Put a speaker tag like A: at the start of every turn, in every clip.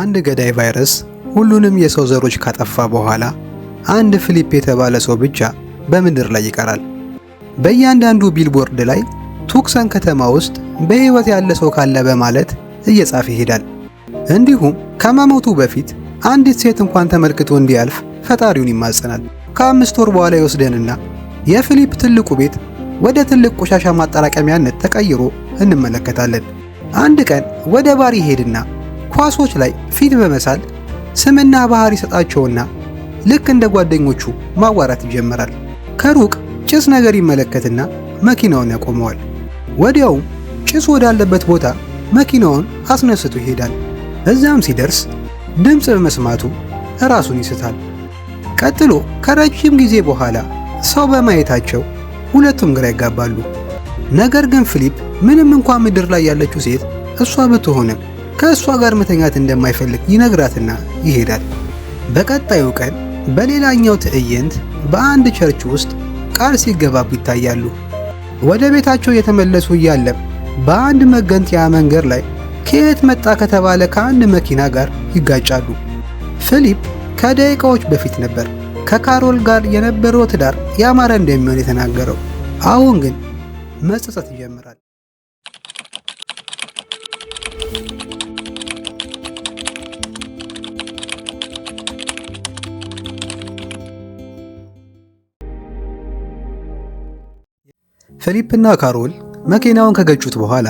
A: አንድ ገዳይ ቫይረስ ሁሉንም የሰው ዘሮች ካጠፋ በኋላ አንድ ፊሊፕ የተባለ ሰው ብቻ በምድር ላይ ይቀራል። በእያንዳንዱ ቢልቦርድ ላይ ቱክሰን ከተማ ውስጥ በሕይወት ያለ ሰው ካለ በማለት እየጻፈ ይሄዳል። እንዲሁም ከመሞቱ በፊት አንዲት ሴት እንኳን ተመልክቶ እንዲያልፍ ፈጣሪውን ይማጸናል። ከአምስት ወር በኋላ ይወስደንና የፊሊፕ ትልቁ ቤት ወደ ትልቅ ቆሻሻ ማጠራቀሚያነት ተቀይሮ እንመለከታለን። አንድ ቀን ወደ ባር ይሄድና ኳሶች ላይ ፊት በመሳል ስምና ባህሪ ይሰጣቸውና ልክ እንደ ጓደኞቹ ማዋራት ይጀምራል። ከሩቅ ጭስ ነገር ይመለከትና መኪናውን ያቆመዋል። ወዲያውም ጭስ ወዳለበት ቦታ መኪናውን አስነስቶ ይሄዳል። እዛም ሲደርስ ድምፅ በመስማቱ ራሱን ይስታል። ቀጥሎ ከረጅም ጊዜ በኋላ ሰው በማየታቸው ሁለቱም ግራ ይጋባሉ። ነገር ግን ፊሊፕ ምንም እንኳ ምድር ላይ ያለችው ሴት እሷ ብትሆንም ከእሷ ጋር መተኛት እንደማይፈልግ ይነግራትና ይሄዳል። በቀጣዩ ቀን በሌላኛው ትዕይንት በአንድ ቸርች ውስጥ ቃል ሲገባቡ ይታያሉ። ወደ ቤታቸው እየተመለሱ እያለም በአንድ መገንጠያ መንገድ ላይ ከየት መጣ ከተባለ ከአንድ መኪና ጋር ይጋጫሉ። ፊሊፕ ከደቂቃዎች በፊት ነበር ከካሮል ጋር የነበረው ትዳር ያማረ እንደሚሆን የተናገረው። አሁን ግን መጸጸት ይጀምራል። ፊሊፕና ካሮል መኪናውን ከገጩት በኋላ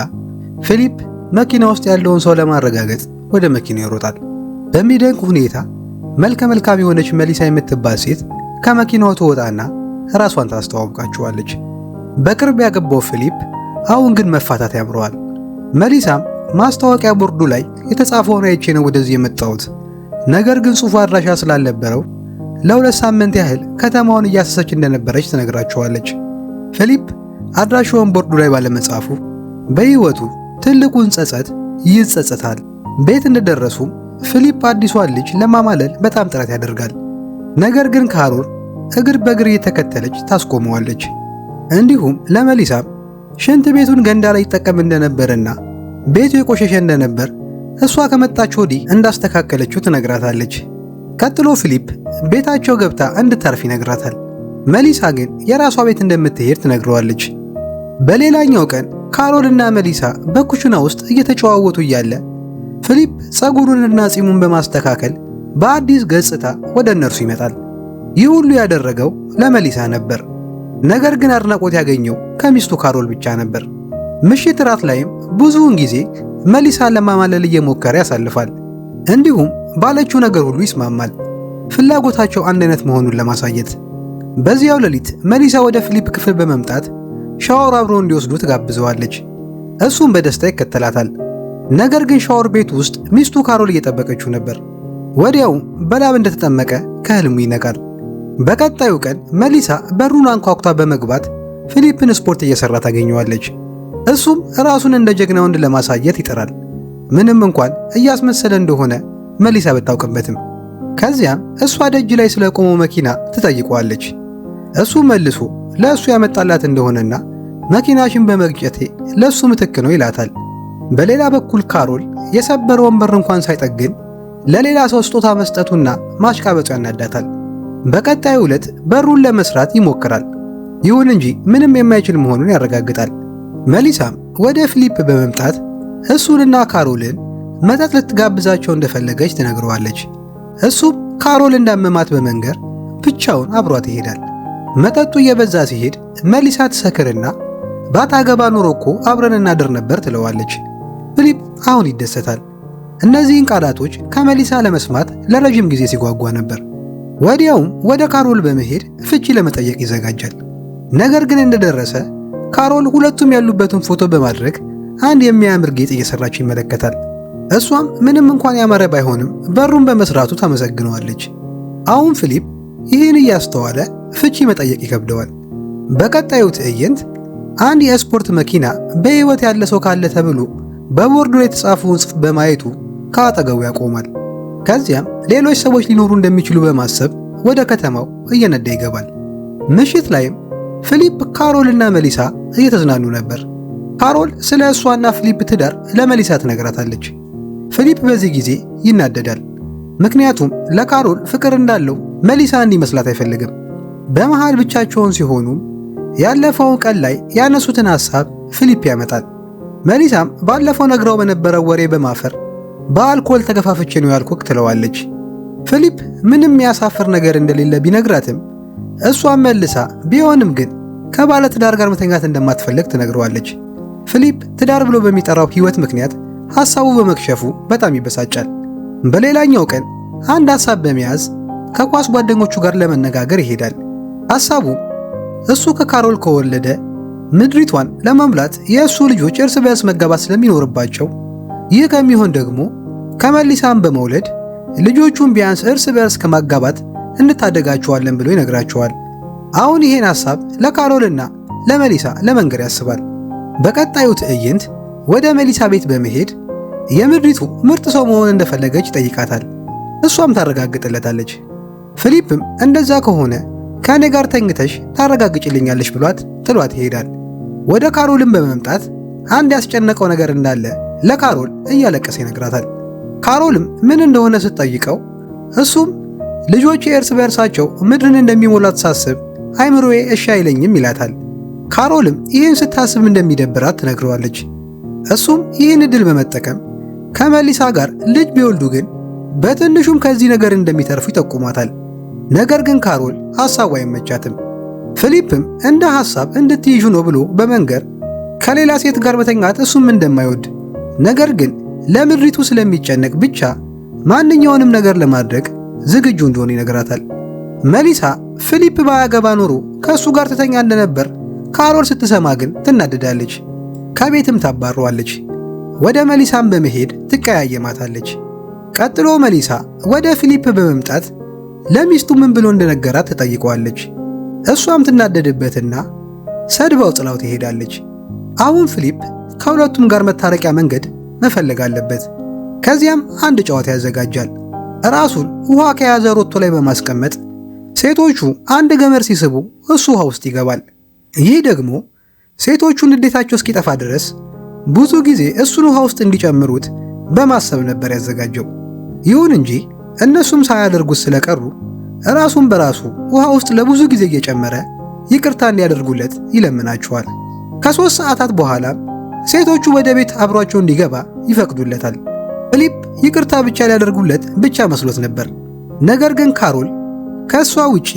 A: ፊሊፕ መኪና ውስጥ ያለውን ሰው ለማረጋገጥ ወደ መኪናው ይሮጣል። በሚደንቅ ሁኔታ መልከ መልካም የሆነች መሊሳ የምትባል ሴት ከመኪናው ትወጣና ራሷን ታስተዋውቃቸዋለች። በቅርብ ያገባው ፊሊፕ አሁን ግን መፋታት ያምረዋል። መሊሳም ማስታወቂያ ቦርዱ ላይ የተጻፈውን አይቼ ነው ወደዚህ የመጣሁት፣ ነገር ግን ጽሑፉ አድራሻ ስላልነበረው ለሁለት ሳምንት ያህል ከተማውን እያሰሰች እንደነበረች ትነግራቸዋለች። ፊሊፕ አድራሻውን ቦርዱ ላይ ባለመጻፉ በሕይወቱ ትልቁን ጸጸት ይጸጸታል። ቤት እንደደረሱም ፊሊፕ አዲሷን ልጅ ለማማለል በጣም ጥረት ያደርጋል። ነገር ግን ካሮል እግር በእግር እየተከተለች ታስቆመዋለች። እንዲሁም ለመሊሳም ሽንት ቤቱን ገንዳ ላይ ይጠቀም እንደነበርና ቤቱ የቆሸሸ እንደነበር እሷ ከመጣች ወዲህ እንዳስተካከለችው ትነግራታለች። ቀጥሎ ፊሊፕ ቤታቸው ገብታ እንድታርፍ ይነግራታል። መሊሳ ግን የራሷ ቤት እንደምትሄድ ትነግረዋለች። በሌላኛው ቀን ካሮልና መሊሳ በኩሽና ውስጥ እየተጨዋወቱ እያለ ፊሊፕ ጸጉሩንና ጺሙን በማስተካከል በአዲስ ገጽታ ወደ እነርሱ ይመጣል። ይህ ሁሉ ያደረገው ለመሊሳ ነበር። ነገር ግን አድናቆት ያገኘው ከሚስቱ ካሮል ብቻ ነበር። ምሽት ራት ላይም ብዙውን ጊዜ መሊሳን ለማማለል እየሞከረ ያሳልፋል። እንዲሁም ባለችው ነገር ሁሉ ይስማማል፣ ፍላጎታቸው አንድ አይነት መሆኑን ለማሳየት። በዚያው ሌሊት መሊሳ ወደ ፊሊፕ ክፍል በመምጣት ሻወር አብረው እንዲወስዱ ትጋብዘዋለች። እሱም በደስታ ይከተላታል። ነገር ግን ሻወር ቤት ውስጥ ሚስቱ ካሮል እየጠበቀችው ነበር። ወዲያው በላብ እንደተጠመቀ ከህልሙ ይነቃል። በቀጣዩ ቀን መሊሳ በሩን አንኳኩታ በመግባት ፊሊፕን ስፖርት እየሰራ ታገኘዋለች። እሱም ራሱን እንደ ጀግና ወንድ ለማሳየት ይጥራል። ምንም እንኳን እያስመሰለ እንደሆነ መሊሳ ብታውቅበትም። ከዚያም እሷ ደጅ ላይ ስለቆመው መኪና ትጠይቀዋለች። እሱ መልሶ ለእሱ ያመጣላት እንደሆነና መኪናሽን በመግጨቴ ለእሱ ምትክ ነው ይላታል። በሌላ በኩል ካሮል የሰበረ ወንበር እንኳን ሳይጠግን ለሌላ ሰው ስጦታ መስጠቱና ማሽቃበጡ ያናዳታል። በቀጣዩ ዕለት በሩን ለመስራት ይሞክራል። ይሁን እንጂ ምንም የማይችል መሆኑን ያረጋግጣል። መሊሳም ወደ ፊሊፕ በመምጣት እሱንና ካሮልን መጠጥ ልትጋብዛቸው እንደፈለገች ትነግረዋለች። እሱም ካሮል እንዳመማት በመንገር ብቻውን አብሯት ይሄዳል። መጠጡ እየበዛ ሲሄድ መሊሳ ትሰክርና ባታገባ ኑሮ እኮ አብረን እናድር ነበር ትለዋለች። ፊሊፕ አሁን ይደሰታል። እነዚህን ቃላቶች ከመሊሳ ለመስማት ለረዥም ጊዜ ሲጓጓ ነበር። ወዲያውም ወደ ካሮል በመሄድ ፍቺ ለመጠየቅ ይዘጋጃል። ነገር ግን እንደደረሰ ካሮል ሁለቱም ያሉበትን ፎቶ በማድረግ አንድ የሚያምር ጌጥ እየሰራች ይመለከታል። እሷም ምንም እንኳን ያማረ ባይሆንም በሩን በመስራቱ ታመሰግነዋለች። አሁን ፊሊፕ ይህን እያስተዋለ ፍቺ መጠየቅ ይከብደዋል። በቀጣዩ ትዕይንት አንድ የስፖርት መኪና በሕይወት ያለ ሰው ካለ ተብሎ በቦርዱ ላይ የተጻፈውን ጽሑፍ በማየቱ ከአጠገቡ ያቆማል። ከዚያም ሌሎች ሰዎች ሊኖሩ እንደሚችሉ በማሰብ ወደ ከተማው እየነዳ ይገባል። ምሽት ላይም ፊሊፕ ካሮል እና መሊሳ እየተዝናኑ ነበር። ካሮል ስለ እሷና ፊሊፕ ትዳር ለመሊሳ ትነግራታለች። ፊሊፕ በዚህ ጊዜ ይናደዳል። ምክንያቱም ለካሮል ፍቅር እንዳለው መሊሳ እንዲመስላት አይፈልግም። በመሃል ብቻቸውን ሲሆኑ ያለፈው ቀን ላይ ያነሱትን ሐሳብ ፊሊፕ ያመጣል። መሊሳም ባለፈው ነግረው በነበረው ወሬ በማፈር በአልኮል ተገፋፍቼ ነው ያልኩክ ትለዋለች። ፊሊፕ ምንም ያሳፍር ነገር እንደሌለ ቢነግራትም እሷን መልሳ ቢሆንም ግን ከባለ ትዳር ጋር መተኛት እንደማትፈልግ ትነግረዋለች። ፊሊፕ ትዳር ብሎ በሚጠራው ሕይወት ምክንያት ሐሳቡ በመክሸፉ በጣም ይበሳጫል። በሌላኛው ቀን አንድ ሐሳብ በመያዝ ከኳስ ጓደኞቹ ጋር ለመነጋገር ይሄዳል። ሐሳቡ እሱ ከካሮል ከወለደ ምድሪቷን ለመሙላት የእሱ ልጆች እርስ በርስ መጋባት ስለሚኖርባቸው ይህ ከሚሆን ደግሞ ከመሊሳን በመውለድ ልጆቹን ቢያንስ እርስ በርስ ከማጋባት እንታደጋቸዋለን ብሎ ይነግራቸዋል። አሁን ይሄን ሐሳብ ለካሮልና ለመሊሳ ለመንገር ያስባል። በቀጣዩ ትዕይንት ወደ መሊሳ ቤት በመሄድ የምድሪቱ ምርጥ ሰው መሆን እንደፈለገች ይጠይቃታል። እሷም ታረጋግጥለታለች። ፊሊፕም እንደዛ ከሆነ ከእኔ ጋር ተኝተሽ ታረጋግጭልኛለሽ ብሏት ጥሏት ይሄዳል። ወደ ካሮልም በመምጣት አንድ ያስጨነቀው ነገር እንዳለ ለካሮል እያለቀሰ ይነግራታል። ካሮልም ምን እንደሆነ ስትጠይቀው እሱም ልጆች እርስ በእርሳቸው ምድርን እንደሚሞላት ሳስብ አይምሮዬ እሺ አይለኝም ይላታል። ካሮልም ይህን ስታስብ እንደሚደብራት ትነግረዋለች። እሱም ይህን እድል በመጠቀም ከመሊሳ ጋር ልጅ ቢወልዱ ግን በትንሹም ከዚህ ነገር እንደሚተርፉ ይጠቁማታል። ነገር ግን ካሮል ሐሳቡ አይመቻትም። ፊሊፕም እንደ ሐሳብ እንድትይዡ ነው ብሎ በመንገር ከሌላ ሴት ጋር በተኛት እሱም እንደማይወድ ነገር ግን ለምድሪቱ ስለሚጨነቅ ብቻ ማንኛውንም ነገር ለማድረግ ዝግጁ እንደሆነ ይነግራታል። መሊሳ ፊሊፕ ባያገባ ኖሮ ከእሱ ጋር ትተኛ እንደነበር ካሮል ስትሰማ ግን ትናደዳለች፣ ከቤትም ታባረዋለች። ወደ መሊሳም በመሄድ ትቀያየማታለች። ቀጥሎ መሊሳ ወደ ፊሊፕ በመምጣት ለሚስቱ ምን ብሎ እንደነገራት ትጠይቀዋለች። እሷም ትናደድበትና ሰድባው ጥላው ትሄዳለች። አሁን ፊሊፕ ከሁለቱም ጋር መታረቂያ መንገድ መፈለግ አለበት። ከዚያም አንድ ጨዋታ ያዘጋጃል። ራሱን ውሃ ከያዘ ሮቶ ላይ በማስቀመጥ ሴቶቹ አንድ ገመድ ሲስቡ እሱ ውሃ ውስጥ ይገባል። ይህ ደግሞ ሴቶቹ ንዴታቸው እስኪጠፋ ድረስ ብዙ ጊዜ እሱን ውሃ ውስጥ እንዲጨምሩት በማሰብ ነበር ያዘጋጀው። ይሁን እንጂ እነሱም ሳያደርጉት ስለቀሩ ራሱን በራሱ ውሃ ውስጥ ለብዙ ጊዜ እየጨመረ ይቅርታ እንዲያደርጉለት ይለምናቸዋል። ከሦስት ሰዓታት በኋላ ሴቶቹ ወደ ቤት አብሯቸው እንዲገባ ይፈቅዱለታል። ፊሊፕ ይቅርታ ብቻ ሊያደርጉለት ብቻ መስሎት ነበር። ነገር ግን ካሮል ከእሷ ውጪ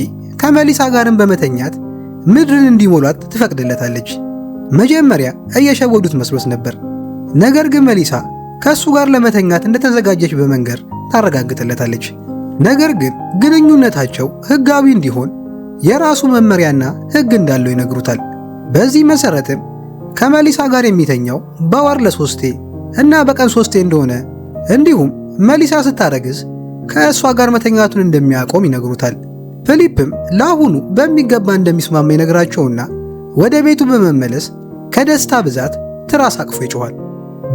A: ከመሊሳ ጋርም በመተኛት ምድርን እንዲሞሏት ትፈቅድለታለች። መጀመሪያ እየሸወዱት መስሎት ነበር። ነገር ግን መሊሳ ከእሱ ጋር ለመተኛት እንደተዘጋጀች በመንገር ታረጋግጥለታለች። ነገር ግን ግንኙነታቸው ሕጋዊ እንዲሆን የራሱ መመሪያና ሕግ እንዳለው ይነግሩታል። በዚህ መሠረትም ከመሊሳ ጋር የሚተኛው በወር ለሶስቴ እና በቀን ሶስቴ እንደሆነ እንዲሁም መሊሳ ስታረግዝ ከእሷ ጋር መተኛቱን እንደሚያቆም ይነግሩታል። ፊሊፕም ለአሁኑ በሚገባ እንደሚስማማ ይነግራቸውና ወደ ቤቱ በመመለስ ከደስታ ብዛት ትራስ አቅፎ ይጮኋል።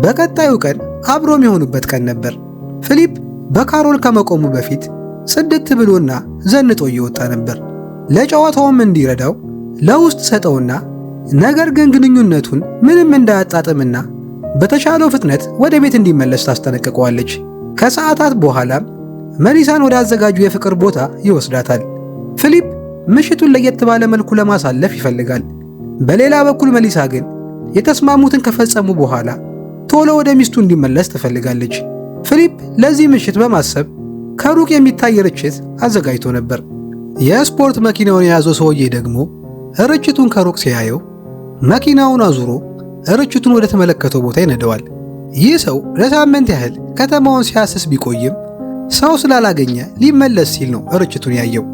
A: በቀጣዩ ቀን አብሮም የሚሆኑበት ቀን ነበር። ፊሊፕ በካሮል ከመቆሙ በፊት ጽድት ብሎና ዘንጦ እየወጣ ነበር። ለጨዋታውም እንዲረዳው ለውስጥ ሰጠውና ነገር ግን ግንኙነቱን ምንም እንዳያጣጥምና በተሻለው ፍጥነት ወደ ቤት እንዲመለስ ታስጠነቅቀዋለች። ከሰዓታት በኋላም መሊሳን ወደ አዘጋጁ የፍቅር ቦታ ይወስዳታል። ፊሊፕ ምሽቱን ለየት ባለ መልኩ ለማሳለፍ ይፈልጋል። በሌላ በኩል መሊሳ ግን የተስማሙትን ከፈጸሙ በኋላ ቶሎ ወደ ሚስቱ እንዲመለስ ትፈልጋለች። ፊሊፕ ለዚህ ምሽት በማሰብ ከሩቅ የሚታይ ርችት አዘጋጅቶ ነበር። የስፖርት መኪናውን የያዘው ሰውዬ ደግሞ ርችቱን ከሩቅ ሲያየው መኪናውን አዙሮ ርችቱን ወደ ተመለከተው ቦታ ይነደዋል። ይህ ሰው ለሳምንት ያህል ከተማውን ሲያስስ ቢቆይም ሰው ስላላገኘ ሊመለስ ሲል ነው ርችቱን ያየው።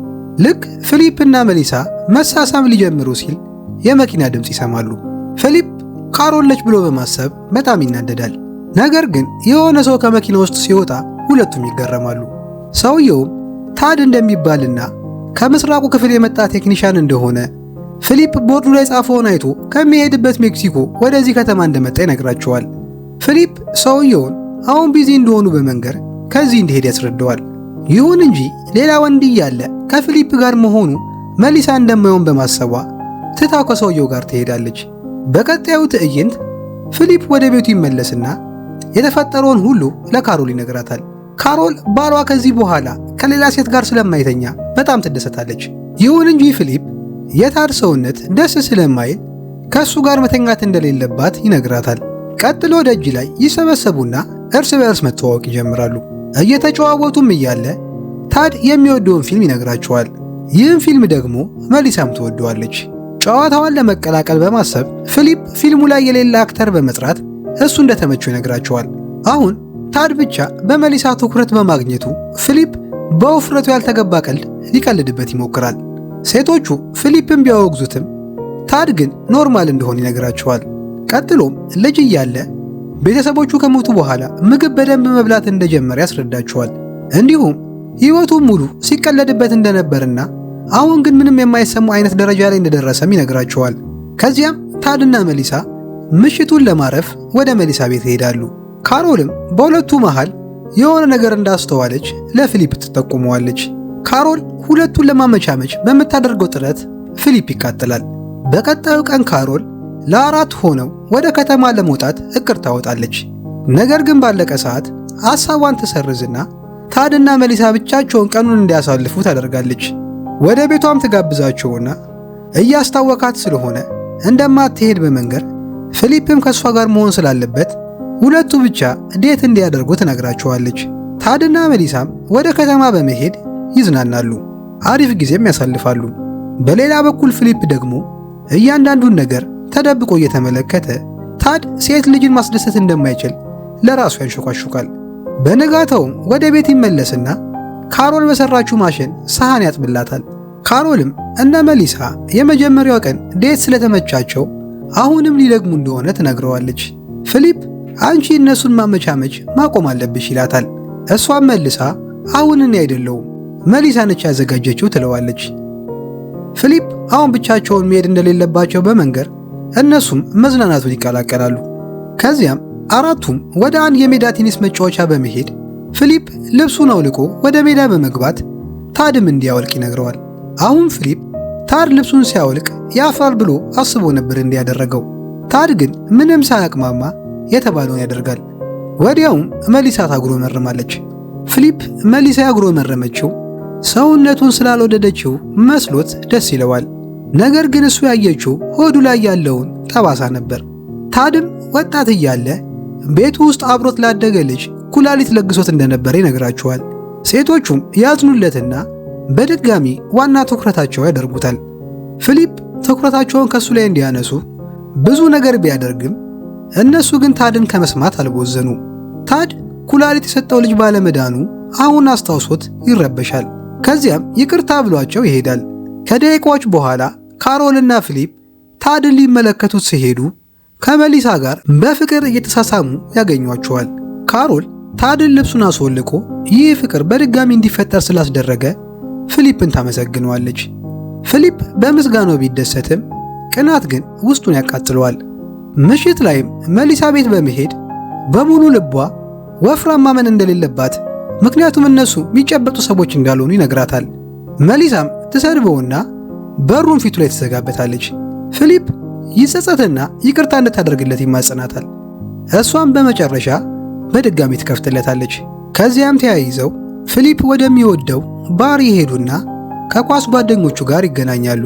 A: ልክ ፊሊፕ እና መሊሳ መሳሳም ሊጀምሩ ሲል የመኪና ድምፅ ይሰማሉ። ፊሊፕ ካሮለች ብሎ በማሰብ በጣም ይናደዳል። ነገር ግን የሆነ ሰው ከመኪና ውስጥ ሲወጣ ሁለቱም ይገረማሉ። ሰውየውም ታድ እንደሚባልና ከምስራቁ ክፍል የመጣ ቴክኒሻን እንደሆነ ፊሊፕ ቦርዱ ላይ ጻፈውን አይቶ ከሚሄድበት ሜክሲኮ ወደዚህ ከተማ እንደመጣ ይነግራቸዋል። ፊሊፕ ሰውየውን አሁን ቢዚ እንደሆኑ በመንገር ከዚህ እንዲሄድ ያስረዳዋል። ይሁን እንጂ ሌላ ወንድ እያለ ከፊሊፕ ጋር መሆኑ መሊሳ እንደማይሆን በማሰቧ ትታው ከሰውየው ጋር ትሄዳለች። በቀጣዩ ትዕይንት ፊሊፕ ወደ ቤቱ ይመለስና የተፈጠረውን ሁሉ ለካሮል ይነግራታል። ካሮል ባሏ ከዚህ በኋላ ከሌላ ሴት ጋር ስለማይተኛ በጣም ትደሰታለች። ይሁን እንጂ ፊሊፕ የታድ ሰውነት ደስ ስለማይል ከእሱ ጋር መተኛት እንደሌለባት ይነግራታል። ቀጥሎ ደጅ ላይ ይሰበሰቡና እርስ በእርስ መተዋወቅ ይጀምራሉ። እየተጨዋወቱም እያለ ታድ የሚወደውን ፊልም ይነግራቸዋል። ይህም ፊልም ደግሞ መሊሳም ትወደዋለች። ጨዋታዋን ለመቀላቀል በማሰብ ፊሊፕ ፊልሙ ላይ የሌለ አክተር በመጥራት እሱ እንደተመቸው ይነግራቸዋል። አሁን ታድ ብቻ በመሊሳ ትኩረት በማግኘቱ ፊሊፕ በውፍረቱ ያልተገባ ቀልድ ሊቀልድበት ይሞክራል። ሴቶቹ ፊሊፕን ቢያወግዙትም ታድ ግን ኖርማል እንደሆነ ይነግራቸዋል። ቀጥሎም ልጅ እያለ ቤተሰቦቹ ከሞቱ በኋላ ምግብ በደንብ መብላት እንደጀመረ ያስረዳቸዋል። እንዲሁም ሕይወቱ ሙሉ ሲቀለድበት እንደነበርና አሁን ግን ምንም የማይሰሙ አይነት ደረጃ ላይ እንደደረሰም ይነግራቸዋል። ከዚያም ታድና መሊሳ ምሽቱን ለማረፍ ወደ መሊሳ ቤት ይሄዳሉ። ካሮልም በሁለቱ መሃል የሆነ ነገር እንዳስተዋለች ለፊሊፕ ትጠቁመዋለች። ካሮል ሁለቱን ለማመቻመች በምታደርገው ጥረት ፊሊፕ ይቃጠላል። በቀጣዩ ቀን ካሮል ለአራት ሆነው ወደ ከተማ ለመውጣት እቅድ ታወጣለች። ነገር ግን ባለቀ ሰዓት ሐሳቧን ትሰርዝና ታድና መሊሳ ብቻቸውን ቀኑን እንዲያሳልፉ ታደርጋለች። ወደ ቤቷም ትጋብዛቸውና እያስታወካት ስለሆነ እንደማትሄድ በመንገር ፊሊፕም ከእሷ ጋር መሆን ስላለበት ሁለቱ ብቻ ዴት እንዲያደርጉ ትነግራቸዋለች። ታድና መሊሳም ወደ ከተማ በመሄድ ይዝናናሉ፣ አሪፍ ጊዜም ያሳልፋሉ። በሌላ በኩል ፊሊፕ ደግሞ እያንዳንዱን ነገር ተደብቆ እየተመለከተ ታድ ሴት ልጅን ማስደሰት እንደማይችል ለራሱ ያንሾካሹካል። በንጋታውም ወደ ቤት ይመለስና ካሮል በሰራችው ማሽን ሰሃን ያጥብላታል። ካሮልም እነ መሊሳ የመጀመሪያው ቀን ዴት ስለተመቻቸው አሁንም ሊደግሙ እንደሆነ ትነግረዋለች። ፊሊፕ አንቺ እነሱን ማመቻመች ማቆም አለብሽ ይላታል። እሷም መልሳ አሁን እኔ አይደለሁም መሊሳ ነች ያዘጋጀችው ትለዋለች። ፊሊፕ አሁን ብቻቸውን መሄድ እንደሌለባቸው በመንገር እነሱም መዝናናቱን ይቀላቀላሉ። ከዚያም አራቱም ወደ አንድ የሜዳ ቴኒስ መጫወቻ በመሄድ ፊሊፕ ልብሱን አውልቆ ወደ ሜዳ በመግባት ታድም እንዲያወልቅ ይነግረዋል። አሁን ፊሊፕ ታድ ልብሱን ሲያወልቅ ያፍራል ብሎ አስቦ ነበር እንዲያደረገው። ታድ ግን ምንም ሳያቅማማ የተባለውን ያደርጋል። ወዲያውም መሊሳ መርማለች። ፊሊፕ መሊሳ መረመችው። ሰውነቱን ስላልወደደችው መስሎት ደስ ይለዋል። ነገር ግን እሱ ያየችው ሆዱ ላይ ያለውን ጠባሳ ነበር። ታድም ወጣት እያለ ቤቱ ውስጥ አብሮት ላደገ ልጅ ኩላሊት ለግሶት እንደነበረ ይነግራችኋል። ሴቶቹም ያዝኑለትና በድጋሚ ዋና ትኩረታቸው ያደርጉታል። ፊሊፕ ትኩረታቸውን ከእሱ ላይ እንዲያነሱ ብዙ ነገር ቢያደርግም እነሱ ግን ታድን ከመስማት አልቦዘኑ። ታድ ኩላሊት የሰጠው ልጅ ባለመዳኑ አሁን አስታውሶት ይረበሻል። ከዚያም ይቅርታ ብሏቸው ይሄዳል። ከደቂቃዎች በኋላ ካሮልና ፊሊፕ ታድን ሊመለከቱት ሲሄዱ ከመሊሳ ጋር በፍቅር እየተሳሳሙ ያገኟቸዋል። ካሮል ታድን ልብሱን አስወልቆ ይህ ፍቅር በድጋሚ እንዲፈጠር ስላስደረገ ፊሊፕን ታመሰግነዋለች። ፊሊፕ በምስጋናው ቢደሰትም ቅናት ግን ውስጡን ያቃጥለዋል። ምሽት ላይም መሊሳ ቤት በመሄድ በሙሉ ልቧ ወፍራም ማመን እንደሌለባት ምክንያቱም እነሱ የሚጨበጡ ሰዎች እንዳልሆኑ ይነግራታል። መሊሳም ትሰድበውና በሩን ፊቱ ላይ ትዘጋበታለች። ፊሊፕ ይጸጸትና ይቅርታ እንድታደርግለት ይማጸናታል። እሷም በመጨረሻ በድጋሚ ትከፍትለታለች። ከዚያም ተያይዘው ፊሊፕ ወደሚወደው ባር ይሄዱና ከኳስ ጓደኞቹ ጋር ይገናኛሉ።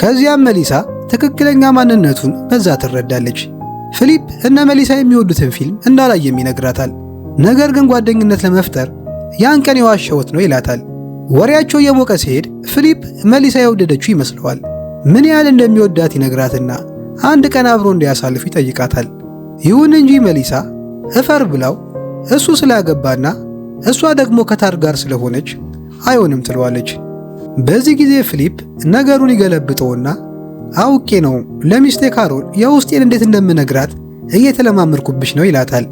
A: ከዚያም መሊሳ ትክክለኛ ማንነቱን በዛ ትረዳለች። ፊሊፕ እነ መሊሳ የሚወዱትን ፊልም እንዳላየም ይነግራታል። ነገር ግን ጓደኝነት ለመፍጠር ያን ቀን የዋሸሁት ነው ይላታል። ወሬያቸው እየሞቀ ሲሄድ ፊሊፕ መሊሳ የወደደችው ይመስለዋል። ምን ያህል እንደሚወዳት ይነግራትና አንድ ቀን አብሮ እንዲያሳልፉ ይጠይቃታል። ይሁን እንጂ መሊሳ እፈር ብላው እሱ ስላገባና እሷ ደግሞ ከታር ጋር ስለሆነች አይሆንም ትለዋለች። በዚህ ጊዜ ፊሊፕ ነገሩን ይገለብጠውና አውቄ ነው ለሚስቴ ካሮል የውስጤን እንዴት እንደምነግራት እየተለማመድኩብሽ ነው ይላታል።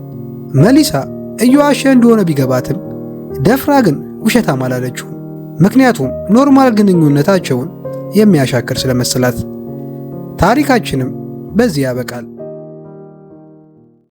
A: መሊሳ እየዋሸ እንደሆነ ቢገባትም ደፍራ ግን ውሸታም አላለችው። ምክንያቱም ኖርማል ግንኙነታቸውን የሚያሻክር ስለመሰላት። ታሪካችንም በዚህ ያበቃል።